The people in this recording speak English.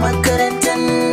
I couldn't deny